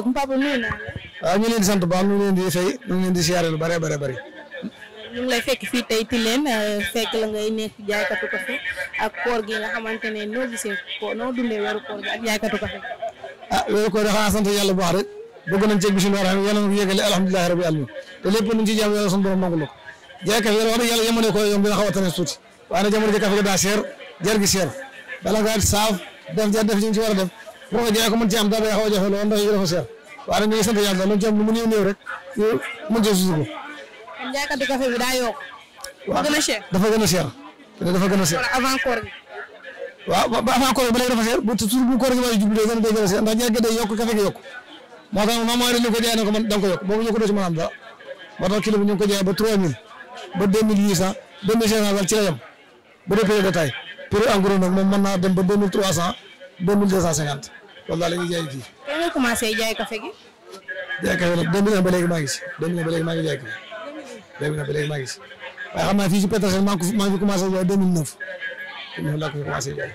asalaamaaleykum papa nuyu naa la. waaw ah, ñu leen di sant baax ñu leen di fay ñu leen di siyaare lu bare bare bëri. ñu ngi lay fekk fii tey Tilène euh, fekk la ngay nekk jaaykatu kafe ak koor gi nga xamante ne noo gisee ko noo dundee weeru koor gi ak jaaykatu kafe. ah weeru koor xanaa sant yàlla bu na ko yëgale alhamdulilah rabbil alamin te lépp luñ ci jàmm yàlla suñu borom nangu la ko jaaykat yàlla wax dëgg yàlla yemale ko yomb dina xaw a tane daa seer jar gi seer bala nga saaf def jar def ñu ci war a def projet ko mën ci am daa day xaw a jafe lool ndax yi dafa seer waaye ñu ngi sant yàlla luñ ci am lu mu néew néew rek ñu mën cee susuko kon jaaykatu café bi daa yokk dafa gën a cher dafa gën a cher dafa gën a cher avant koor gi waaw ba avant koor gi ba léegi dafa seer bu toujours bu koor gi waaye jublu day gën a day gën a seer ndax ñaar gi day yokk café gi yokk moo tax maman rek ñu ko jaay ne ko man da nga ko yokk boobu ñu ko doo ci mën a am dara moo tax kilo bi ñu ngi ko jaay ba 3000 ba 2800 2500 daal ci la yem bu dee prix détail prix en gros nag moom mën naa dem ba 2300 2250 loolu daal la ñuy jaay fii. kañ nga commencé jaay café gi. jaay café nag dem na ba léegi maa ngi si dem na ba léegi maa ngi jaay café dem na ba léegi maa ngi si waaye xam naa fii si Petersen maa ngi fi commencé jaay 2009 2009 laa ko commencé jaay.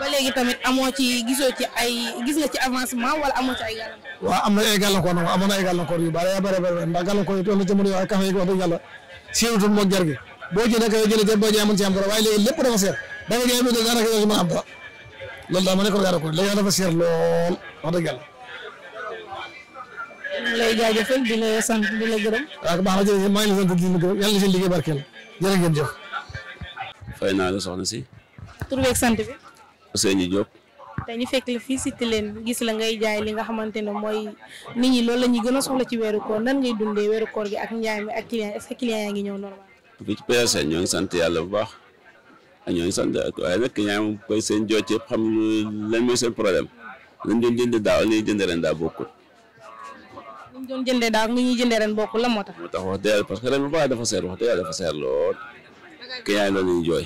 ba léegi tamit amoo ci gisoo ci ay gis nga ci avancement wala amoo ci ay gàllankoor. waaw am na ay gàllankoor nag amoon na ay gàllankoor yu bare bare bare ndax gàllankoor yi toll na jamono yoo xam ne café gi wax dëgg yàlla séerutoon moog jar gi boo jëlee kay jëlee jar boo jaay mën ci am dara waaye léegi lépp dafa seer da nga jaay lu daanaka yow ci mën a am dara loolu daal ma nekkoon yaa ko léegi dafa seer lool wax dëgg yàlla. ñu ngi lay jaajëfal di la sant di la gërëm. waaw baax na jërëjëf maa ngi lay sant di la gërëm yàlla na seen liggéey barkeel jërë ngeen jëf. fay naa la soxna si. tur beeg sant bi. Ousseynou Diop. tey ñu fekk la fii si leen gis la ngay jaay li nga xamante ne mooy nit ñi loolu la ñuy gën a soxla ci weeru koor nan ngay dundee weeru koor gi ak njaay mi ak client est-ce que client yaa ngi ñëw normal. fii ci PSN ñoo ngi sant yàlla bu baax. ñooñu sant ak waaye nag ñaa ngi koy seen yëpp xam lan mooy seen problème lañ doon jënd daaw ñuy jëndee ren daa bokkul. li ñu ñuy jëndee ren bokkul la moo tax. moo tax wax dëgg yàlla que ren bu baax dafa seer wax dëgg yàlla dafa seer lool. la ñuy jooy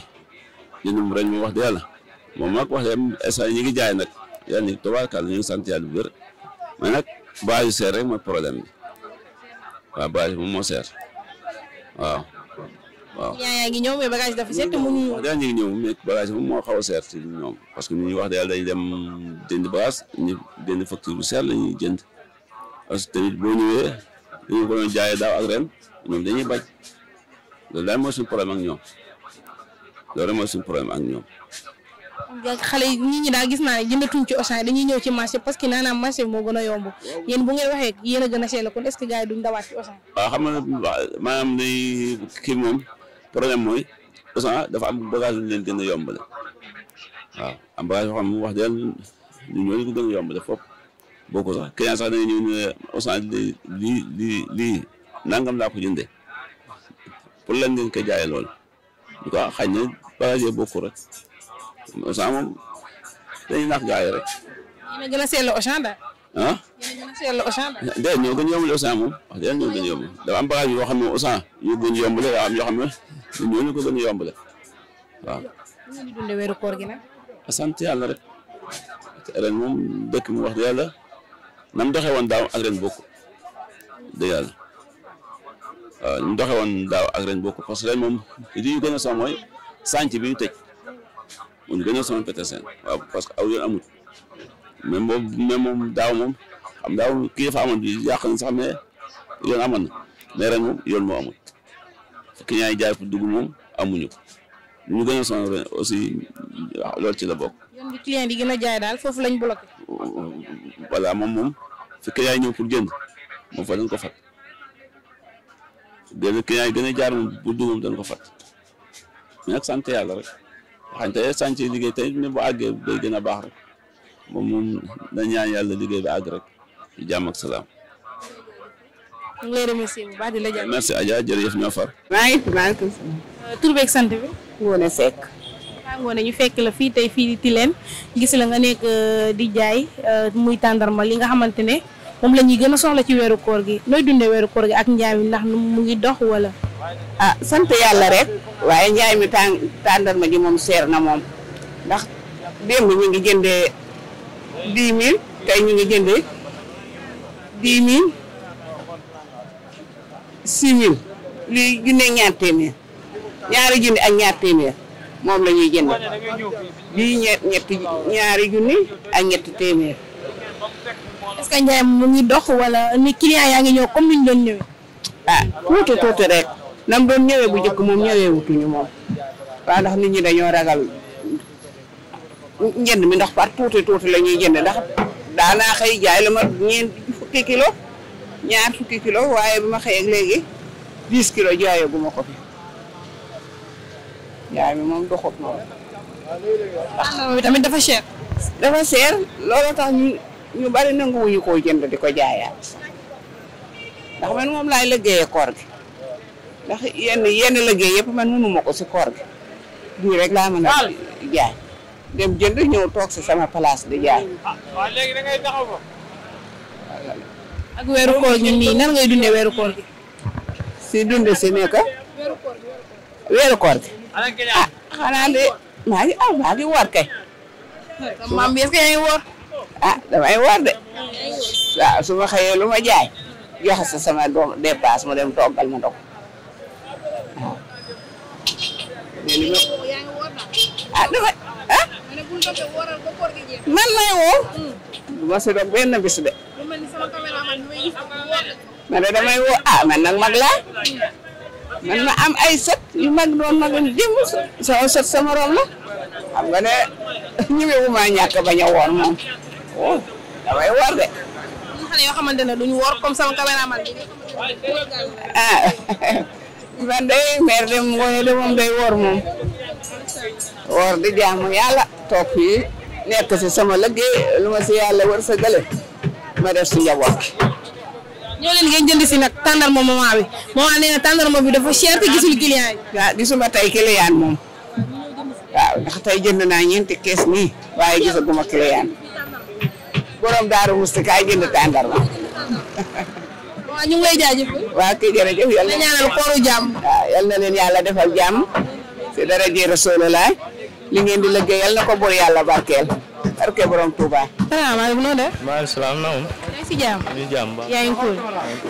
ñun ren ñu wax dëgg moom nag wax dëgg instant ñu ngi jaay nag yàlla ñu ñu ngi sant yàlla bu wér mais rek mooy problème bi waaw base moom moo seer waaw. waaw client yaa ngi ñëw mais bagage dafa seet mënuñu ñoom parce que ñu ñuy wax daal dañuy dem jënd bagage ñu jënd facture bu seet la ñuy jënd boo ñëwee dañu daaw ak ren ñoom dañuy bañ loolu daal mooy suñu problème ak ñoom loolu mooy suñu problème ak ñoom. xale yi nit ñi daal gis naa ne jëndatuñ ci Auchan dañuy ñëw ci marché parce que naanaam marché bi moo gën a yomb yéen bu ngeen waxee yéen a gën a seet la kon est ce que gars yi duñ dawaat ci Auchan. waaw xam nga maanaam kii moom. problème mooy Auchan dafa am bagage yu leen gën a waaw am bagage yoo xam ne wax dëgg ñu ñu ko gën a yombale foofu boo ko sax client sax dañuy ñëw ñu ne Auchan lii lii nangam naa ko jëndee pour lan ngeen koy jaayee lool du ko xañ ne bagage yee bokku rek Auchan moom dañuy nax gars rek. ah. de ñoo gën a yombal Auchan moom am bagage yoo xam ne Auchan yu gën a yombale am yoo xam ne ñoo ñu ko gën a yombale waaw. ñu sant yàlla rek ren moom dëkk mi wax dëgg yàlla nam doxee daaw ak ren bokk dëgg yàlla waaw ñu woon daaw ak ren bokk parce que ren moom li ñu gën a sonn mooy sànc bi ñu tëj mu ñu gën a sonn Petersen waaw parce que aw yoon amut. mais moom mais moom daaw moom xam daaw kii dafa amoon bi yàq na sax mais yoon amoon na mais ren moom yoon moo amul ki ñaay jaay pour dugg moom amuñu ko ñu gën a aussi loolu ci la bokk. yoon bi a jaay daal foofu lañ bloqué. voilà moom moom fi client pour jënd moom fa dañ ko fat déedéet client yi gën a jaar moom pour dugg moom dañ ko fat mais nag sant yàlla rek waxante sànci liggéey tey ne bu àggee day gën a baax rek. moom moom da ñaan yàlla liggéey bi àgg rek ci jàmm ak salaam. la jàmm. merci Adja jërëjëf ñoo far. Euh, maa ngi fi maa sant bi. Ngoone Seck. ñu fekk la fii tey fii di Tilène gis la nga nekk euh, di jaay euh, muy tàndarma li nga xamante ne moom la ñuy gën a soxla ci weeru koor gi nooy dundee weeru koor gi ak njaay mi ndax mu ngi dox wala. ah sant yàlla rek waaye njaay mi tàndarma ji moom seer na moom ndax démb ñu ngi jëndee. dix mille ñu ngi jëndee dix mille six mille junne ñaar téeméer ñaari junne ak ñaar téeméer moom lañuy ñuy jënd lii ñett ñetti ñaari junne ak ñetti téeméer. est-ce que njaay mu ngi dox wala ni client yaa ngi ñëw comme ni ñu doon ñëwee. ah tuuti tuuti rek nam doon ñëwee bu njëkk moom ñëwee wutuñu moom waaw ndax nit ñi dañoo ragal. njënd mi ndax par tuuti tuuti la ñuy jënd ndax daanaa xëy jaay la ma ñeent fukki kilo ñaar fukki kilo waaye bi ma xëy ak léegi dix kilo jaayagu ma ko fi jaay mi moom doxut moom. Ah, tamit dafa cher. dafa cher looloo tax ñu ñu bari nanguwuñu koo jënd di ko jaayaat ndax man moom laay liggéeyee koor gi ndax yenn yenn liggéey yëpp man mënu ma ko si koor gi bii laa mën a jaay. dem jënd ñëw toog si sama place di jaay. Ah, weeru koor ñu nii nan ngay dundee weeru koor gi. si dunde si nekk. weeru koor gi. ah xanaa de maa ah maa woor kay. maam bi est-ce que yaa ngi woor. ah damay woor de. su ma xëyee lu ma jaay. joxe sa sama doom dépasse mu dem toggal ma ndox waaw. ah damay. man lay woo. du ma si doog benn bis de. ma ne damay woo ah man nag mag laa. man ma am ay sët yu mag doon magoon démb sama sët sama rom la xam nga ne ñëwee wu ma bañ a woor moom oh, damay woor de. xamante ne duñ woor comme ah, man day mère de ngoone de moom day woor moom. woor di jaamu yàlla toog fii nekk si sama liggéey lu ma si yàlla war sa gële ma def si njaboot ñoo leen ngeen jënd si nag tàndarma maman bi maman nee na tàndarma bi dafa cher te gisul client yi. waaw gisuma tey client moom waaw ndax tey jënd naa ñeenti kees nii waaye gisaguma client borom daaru musti kaay jënd tàndarma. waaw ñu ngi lay jaajëfal. waaw kii jërëjëf yal kooru jàmm. waaw leen yàlla defal jàmm. ci daraje Rasulullah li ngeen di liggéeyal na ko buur yàlla barkeel barke borom Touba. salaamaaleykum noo def. maaleykum salaam na woon. yaa ngi si jàmm. ñu jàmm ba. yaa ngi cool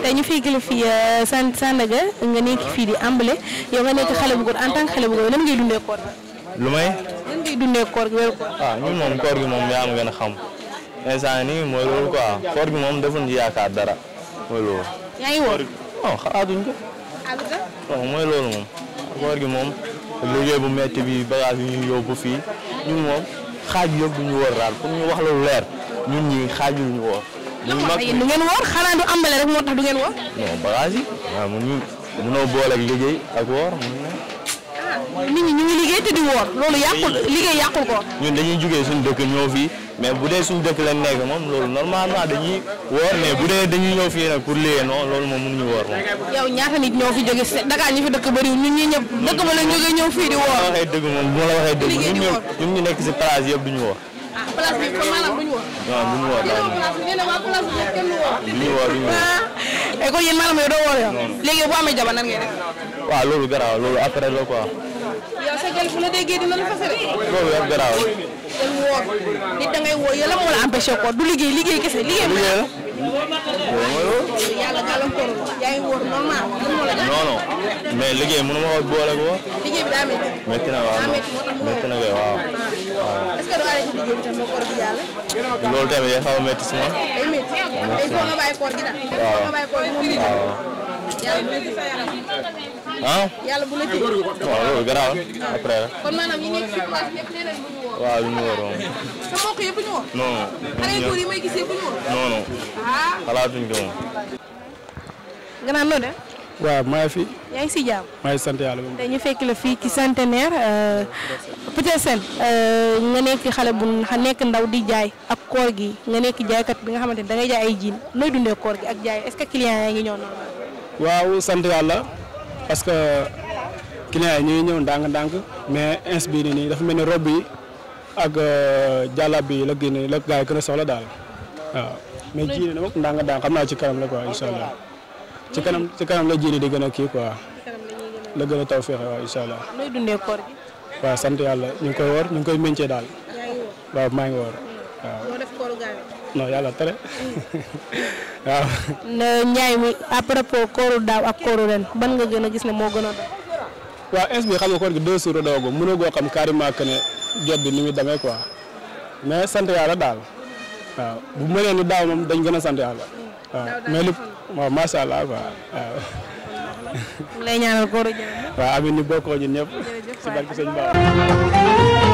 te ñu fekk la fii euh, Sane Sandaga nga nekk fii di Amblé yow nga nekk xale bu góor en tant que xale bu góor lan ngay dundee koor gi. lu may. lan ngay dundee koor gi wéru koor. waaw ah, ñun moom koor gi moom yaa ngi gën a xam instant nii mooy loolu quoi koor gi moom defuñ ci yaakaar dara mooy loolu. yaa ngi woor. non xalaatuñ ko. àll ba. non mooy loolu moom koor gi moom. liggéey bu metti bi bagage yi ñuy yóbbu fii ñun moom xaaj yëpp du ñu wóor daal pour ñu wax la lu leer xaaj ñii xaajul ñu wóor. ñu mag du ngeen wóor xanaa du ambale rek moo tax du ngeen wóor. non bagage yi waaw mënuñu boole ak liggéey ak wóor ah, nit ñi ñu ngi liggéey te di wóor loolu yàqul liggéey yàqul dañuy jugee suñu dëkk ñoo fii mais bu dee suñ dëkk lañ nekk moom loolu normalement dañuy woor mais bu dee dañuy ñëw fii nag pour liggéey non loolu moom mënuñu woor moom. yow ñaata nit ñoo fi jóge Dakar ñi fi dëkk bëriwul ñun ñii ñëw ñu ñun ñu nekk si place yëpp duñu woor. ah place bi kon duñu woor. duñu woor daal duñu woor duñu doo woor yow. léegi bu amee jabar nan ngay def. loolu garaaw loolu après la quoi. yow sa gel bu loolu dem woor nit da la moo la ko du liggéey liggéey kese liggéey mu la woor normal lan moo la non ko boole ko liggéey bi daa métti métti na waaw métti na kay waaw ah. Ah. est-ce que du arrêté liggéey bi tam moo koor gi yàlla loolu tamit xaw a métti si ma day métti day foo nga bàyyi koor gi daal foo nga bàyyi koor gi moom waaw ah. yàlla bu la téye waaw loolu après kon maanaam ñi nekk ci waaw ñu may gis yëpp ñu war. noonu de. waaw maa fi. yaa ngi si jàmm. maa sant yàlla. tey ñu fekk la fii ci centenaire euh, peut-être seen euh, nga nekk xale bu nekk ndaw di jaay ak koor gi nga nekk jaaykat bi nga xamante ni da ngay jaay ay jiin nooy dundee koor gi ak jaay est-ce que client yaa ngi ñëw noonu. waaw sant yàlla parce que client yi ñuy ñëw ndànk-ndànk mais ins bii nii dafa mel ni rob yi. ak euh, jàllab bi la génne la gaa yi gën a soxla daal waaw mais jiine na moom ndànk daan xam naa ci kanam la quoi incha ci kanam ci kanam la jiine di gën a kii quoi la gën a taw feexe waaw incha allah. nooy dundee sant yàlla ñu ngi koy woor ñu ngi koy meñcee daal. waaw maa ngi woor hmm. waaw. moo def kooru yàlla tere hmm. waaw. Ndiaye mi à propos kooru daaw ak kooru ren ban nga gën a gis ne moo gën a doon waaw ins bi xam nga koor gi deux jours doogu mënoo goo xam carrément que ne jot bi ni muy demee quoi mais sant yàlla daal waaw bu mënee ni daaw moom dañ gën a sant yàlla mais lépp waaw macha allah quoi waaw. mu lay bokkoo ñun ñëpp. si barke sëñ Ba.